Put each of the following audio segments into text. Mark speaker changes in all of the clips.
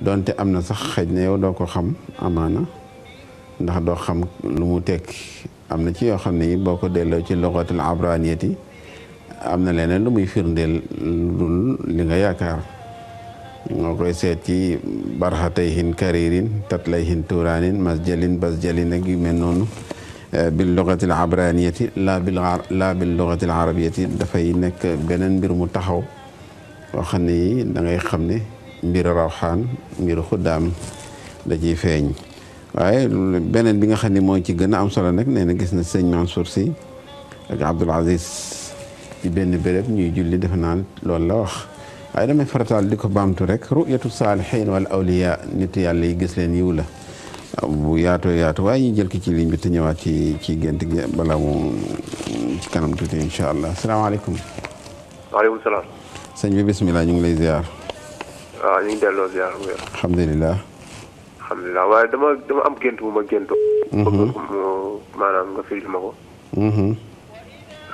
Speaker 1: donte am na sax xëj na yow doo ko xam amaana ndax doo xam lu mu tekki am na ci yoo xam ne boo ko delloo ci luxatul abraniyati am na leneen lu muy firndeel dul li nga yaakaar nga koy seet ci barxatayhin karirin tatlayhin tuuraanin masjalin basjalin ak yu mel noonu eh, bil luxatil abraniyati laa bil laa bil luxatil dafay nekk beneen mbir mu taxaw yoo xam yi da xam ne mbiru rawxaan mbiru xuddaam da feeñ waaye beneen bi nga xam ne moo ci gën a am solo nag nee na gis na sëñ Mansour si ak Abdoul Aziz ci benn béréb ñuy julli defe naa loolu la wax waaye damay farataal di ko baamtu rek ruyatu saalihin wala awliya nit yàlla yi gis leen yiw la bu yaatoo yaatu waaye ñu jël ko ci ligne bi te ñëwaat ci ci gént gi balaa mu ci kanam tuuti incha allah asalaamaaleykum. waaleykum salaam. sëñ bi bisimilah ñu ngi lay ziar. waaw ñu ngi delloo ziar bu wér. alhamdulilah. alhamdulilah waaye dama dama am gént bu ma gént. Mhm. bëgg maanaam nga firil ma ko. Mhm.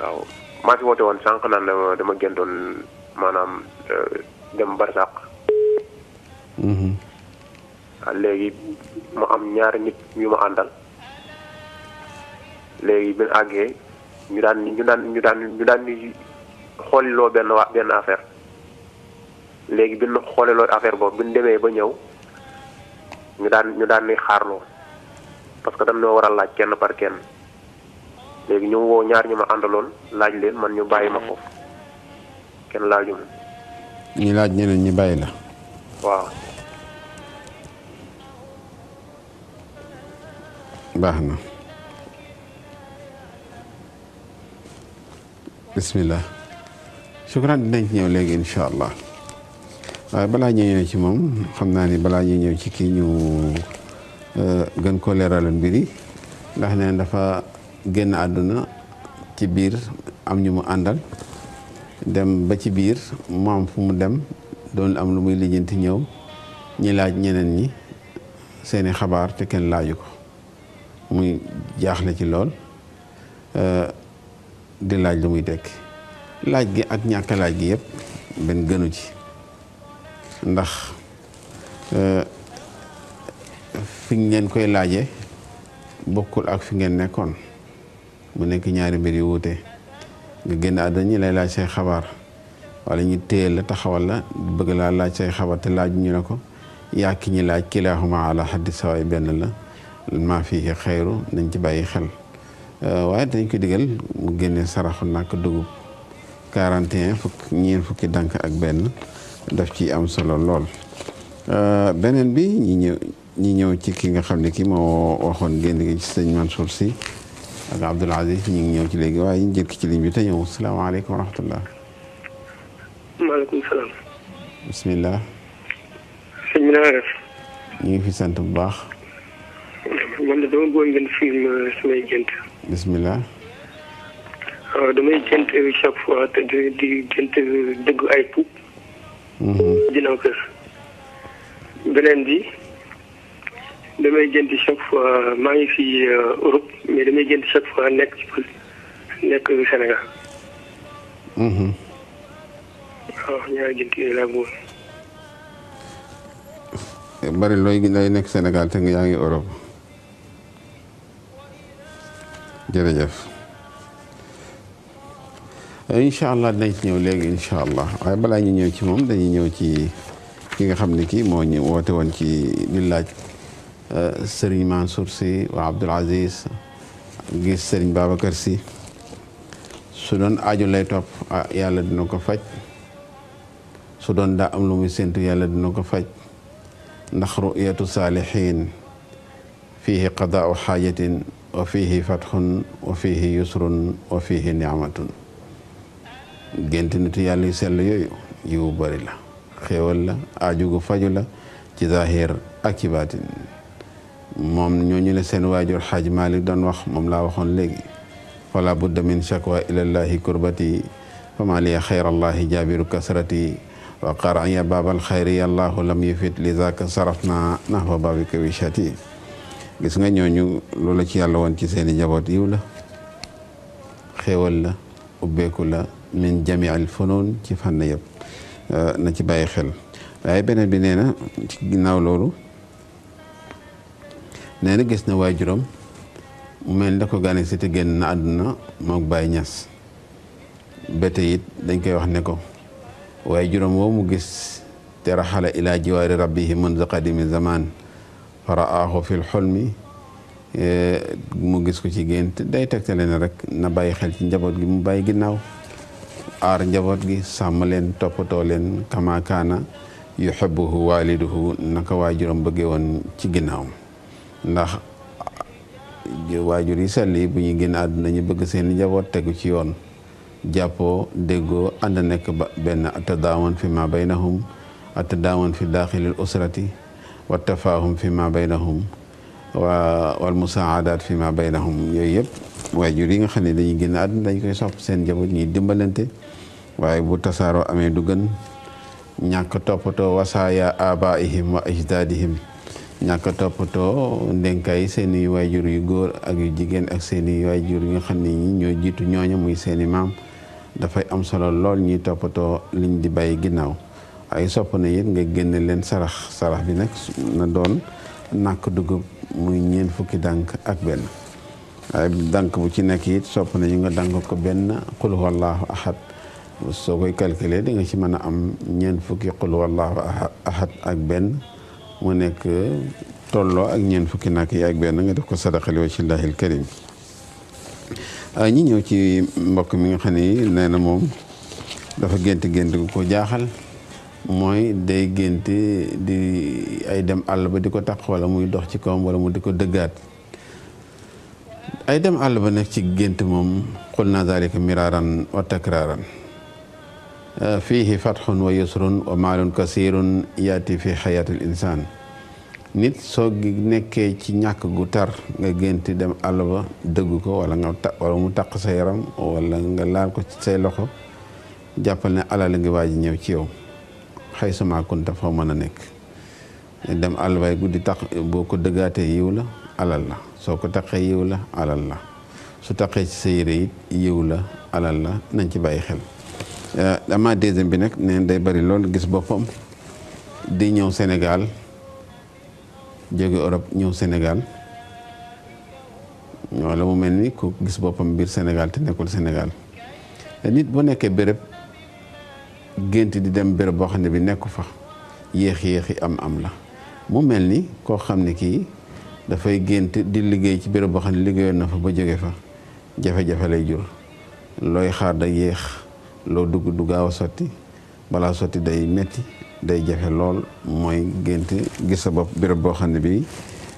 Speaker 1: waaw maa si woote woon sànq naan dama dama géntoon maanaam euh, dem barsàq. Mhm. waaw léegi ma am ñaari nit ñu ma àndal léegi bi ñu àggee ñu daan ñu daan ñu daan ñu daan ñu xooliloo benn waa benn affaire. léegi bi ñu xoolee loolu affaire boobu bi ñu demee ba ñëw ñu daan ñu daan ni xaarloo parce que dañ noo war a laaj kenn par kenn léegi ñu woo ñaar ñu ma àndaloon laaj leen man ñu bàyyi ma mhm. kenn laajuma. ñu laaj ñi bàyyi la. waaw. baax na. bismillah. shukran dinañ ñëw léegi incha allah. waaye balaa ñuy ñëw ci moom xam naa ni balaa ñuy ñëw ci kii ñu euh, gën ko leeralal mbir yi ndax nee dafa génn àdduna ci biir am ñu mu àndal dem ba ci biir mu am fu mu dem doon am lu muy lijjanti ñëw ñi laaj ñeneen ñi seeni xabaar te kenn laaju ko muy jaaxle ci lool euh, di laaj lu muy dekk laaj gi ak ñàkk laaj gi yëpp benn gënu ci. ndax euh, fi ngeen koy laaje bokkul ak fi ngeen nekkoon mu nekk ñaari mbir yu wuute nga génn àddina ñi lay laaj say xabaar wala ñu téye la taxawal la bëgg la laaj say xabaar te laaj ñu ne ko yaa ki ñi laaj kilaaxuma ala saway benn la maa fi xayru nañ ci bàyyi xel euh, waaye dañ ko digal mu génne saraxu nàkk dugub 41 fukk ñeent fukki dànk ak benn daf ci am solo lool euh, beneen bi ñi ñëw ci ki nga xam ne kii moo waxoon génn gi ci sëñ Mansour si ak Abdoul Aziz ñu ngi ñëw ci léegi waaye ñu jëkk ci ligne bi te ñëw salaamaaleykum wa rahmatullah. maaleykum salaam. bisimilah. sëñ bi na nga def. ñu ngi fi sant bu baax. man euh, bisimilah. waaw euh, damay gént ay ginnaaw kër beneen bi damay génti chaque fois maa ngi fi euh, Europe mais damay génti chaque fois nekk ci pël nekk Sénégal mhm. waaw ñaari gént yooyu laa bëggoon bari looy lay nekk Sénégal te nga yaa ngi Europe jërëjëf incha allah dinañ ci ñëw léegi incha allah waaye balaa ñu ñëw ci moom dañuy ñëw ci ki nga xam ne kii moo ñu woote woon ci di laaj euh, Serigne Mansour si wa Abdoul Aziz gis Serigne Babacar si su doon aajo lay topp ah, yàlla dina ko faj su doon daa am lu muy séntu yàlla dina ko faj ndax ru'yatu saalihin fiihi qadaau xaajatin wa fiihi fatxun wa fiihi yusrun wa fiihi nicmatun gént nitu yàlla yu sell yooyu yiwu bari la xéewal la aaju gu faju la ci zahir ak ci baatin moom ñooñu la seen waajur xaaj maali doon wax moom laa waxoon léegi fala budda min shakwa ilallahi kurbati fa ma liya xayrallahi jaabiru kasrati wa qaraya baabal xayri allahu lam yufit li zaka sarafna nahwa babika wishati gis nga ñooñu loola ci yàlla woon ci seeni njaboot yiw la xéewal la ubbeeku la min jamiil funoon ci fànn yëpp euh, na ci bàyyi xel waaye beneen bi nee na ci ginnaaw loolu nee na gis na waajuram mu mel da ko gane si te génn na àdduna moog Baay Ñas ba tey it dañ koy wax ne ko waaye juróom woo mu gis te raxala ilaa jiwaari rabbihi munza qadimi zaman fa raahu fi lxulmi mu gis ko ci gént day tegtale ne rek na bàyyi xel ci njaboot gi mu bàyyi ginnaaw aar njaboot gi sàmm leen toppatoo leen kama kaana yuhibbuhu waaliduhu naka waajuram bëggee woon ci ginnaawam ndax waajur yi sell yi bu ñu génn àdduna ñu bëgg seen njaboot tegu ci yoon jàppoo déggoo ànd nekk ba benn atadaawan fi ma baynahum atadaawan fi daaxilil usrati wa tafaahum fi ma baynahum waa wal musaadaat fi ma baynahum yooyu yëpp waajur yi nga xam ne dañuy génn àdduna dañ koy sop seen njaboot ñi dimbalante waaye bu tasaaroo amee du gën ñàkk toppatoo wasaaya abaihim wa ajdadihim ñàkk toppatoo ndenkaay seeni i waajur yu góor ak yu jigéen ak seeni i waajur yi nga xam ne ñi ñoo jiitu ñooña muy seeni i maam dafay am solo lool ñuy toppatoo liñ di bàyyi ginnaaw waaye sopp na it nga génne leen sarax sarax bi nag na doon nàkk dugub muy ñeent fukki dànk ak benn waaye dànk bu ci nekk it sopp nañu nga dànk ko benn qul huwallahu ahad soo koy calculer di nga ci mën a am ñeent fukki qul wallahu ahad ak benn mu nekk tolloo ak ñeent fukki nakk yi ak benn nga def ko sadaqali wa cillahil karim ah, ñi ñëw ci mbokk mi nga xam ni nee na moom dafa gént gént gu ko jaaxal mooy day gént di ay dem àll ba di ko taq wala muy dox ci kawam wala mu di ko dëggaat ay dem àll ba nekk ci gént moom xul na zalika miraaran wa takraaran fiihi fatxun wa yusrun wa maalun kasirun yaati fi xayaatil insaan nit soo nekkee ci ñàkk gu tar nga gént dem àll ba dëgg ko wala nga ta wala mu taq sa yaram wala nga laal ko ci say loxo jàppal ne alal ngi waaj ñëw ci yow xëy suma kunta foo mën a nekk dem àll bay guddi tax boo ko dëggaatee yiw la alal la soo ko taqee yiw la alal la su taqee ci sa yére it yiw la alal la nañ ci bàyyi xel Euh, ama deuxième bi nag neen day bari lool gis boppam di ñëw Sénégal jóge Europe ñëw Sénégal wala mu mel ni ku gis boppam biir senegal te nekkul Sénégal nit bu nekkee bërëb gént di dem bërëb boo xam ne bi nekku fa yéexi yéexi am am la mu mel ni koo xam ne kii dafay gént di liggéey ci bërëb boo xam ne liggéeyoon na fa ba jóge fa jafe-jafe lay jur looy xaar da yéex loo dugg du gaaw a sotti balaa sotti day metti day jafe lool mooy génte gis sa bopp béréb boo xam ne bi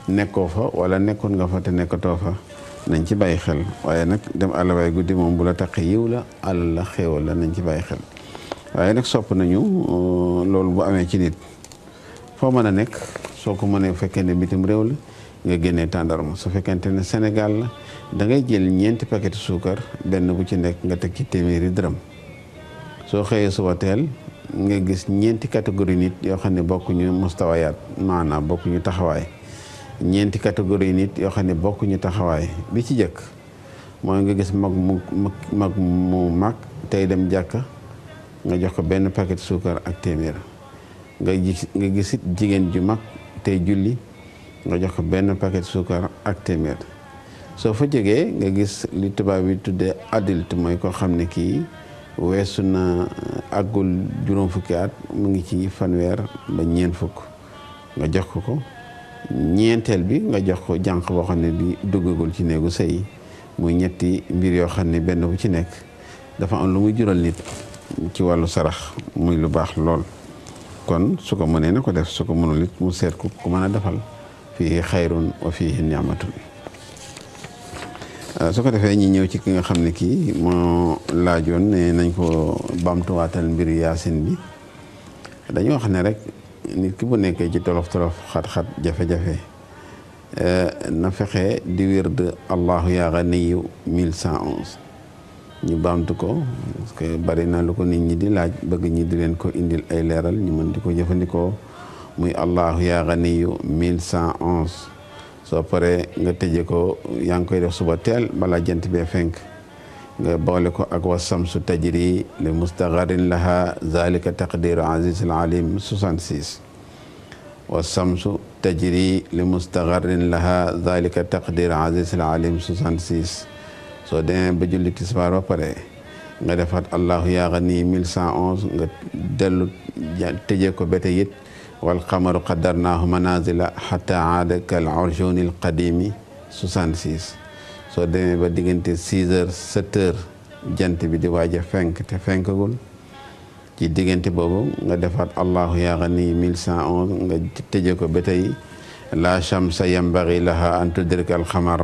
Speaker 1: nekkoo fa wala nekkoon nga fa te nekkatoo fa nañ ci bàyyi xel waaye nag dem àllawaay guddi moom bu taq yiw la àll la xéewal la nañ ci bàyyi xel waaye nag sopp nañu euh, loolu bu amee ci nit foo mën a nekk soo ko mënee fekkee ne bitim réew la nga génnee tàndarma su fekkente ne Sénégal la da ngay jël ñeenti paquet suukar benn bu ci nekk nga teg ci téeméeri dërëm soo xëyee suba teel nga gis ñeenti categorie nit yoo xam ne bokkuñu mustawayaat maanaam bokkuñu taxawaay ñeenti catégorie nit yoo xam ne bokkuñu taxawaay bi ci jëkk mooy nga gis mag mu mag mu mag tey dem jàkka nga jox ko benn paquet suukar ak téeméer nga gis nga gisit jigéen ju mag tey julli nga jox ko benn paquet suukar ak téeméer soo fa jegee nga gis li tubaab yi tuddee adulte mooy ko xam ne kii weesu na eh, àggul juróom fukki at mu ngi ci fanweer ba ñeent fukk nga jox ko ko ñeenteel bi nga jox ko jànq boo xam ne bi duggagul ci néegu sëy muy ñetti mbir yoo xam ne benn bu ci nekk dafa am lu muy jural nit ci wàllu sarax muy lu baax lool kon su ko mënee na ko def su ko mënul it mu seet ku ko mën a defal fii xayrun wa fii ni'matun Euh, su ko defee ñi ñëw ci ki nga xam ne kii moo laajoon ne nañ ko bamtuwaatal mbir yaasin bi dañu wax ne rek nit ki bu nekkee ci tolof tolof xat-xat jafe-jafe euh, na fexe di wird allahu yaa ganiyu mille cent onze ñu baamtu ko parce que bari na lu ko nit ñi di laaj bëgg ñi di leen ko indil ay leeral ñu mën di ko jëfandikoo muy allahu yaa ganiyu mille cent onze soo paree nga tëjee ko yaa ngi koy def suba teel balaa jant bee fenk nga boole ko ak wa samsu tajri li mustaqarrin laha zalika taqdiru aziz al alim 66 wa samsu tajri li mustaqarrin laha zalika taqdiru aziz al alim 66 soo demee ba julli tisbaar ba pare nga defaat allahu yaa gani 1111 nga dellu tëjee ko ba tey it walqamaru qaddarnaahu manazila xata aada kal urjuni l qadimi 66 soo demee ba diggante 6 heures 7 heures jant bi di waaj a fenk te fenkagul ci diggante boobu nga defaat allahu yaa gani 1111 nga tëje ko ba tey la shamsa yambagi laha an tudrika al xamar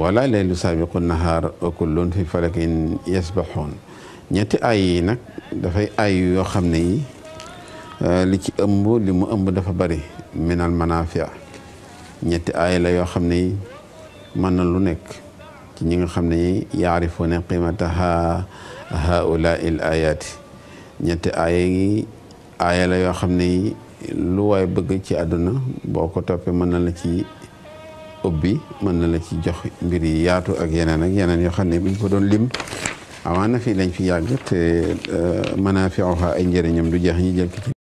Speaker 1: wala leylu sabiqu nahaar wa kullun fi falakin yasbaxuun ñetti ay yi nag dafay ay yoo xam ne yi Euh, li ci ëmb li mu ëmb dafa bari minal manafia ñetti aay la yoo xam ne mën na lu nekk ci ñi nga xam ne yaarifuuna qimataha haulaai l ayaati ñetti aaya yi yoo xam ne lu waay bëgg ci àdduna boo ko toppee mën na la ci ubbi mën na la ci jox mbir yi yaatu ak yeneen ak yeneen yoo xam ne buñ ko doon lim na fii lañ fi yàgg te euh, manaafiuha ay njëriñam du jeex ñu jël ko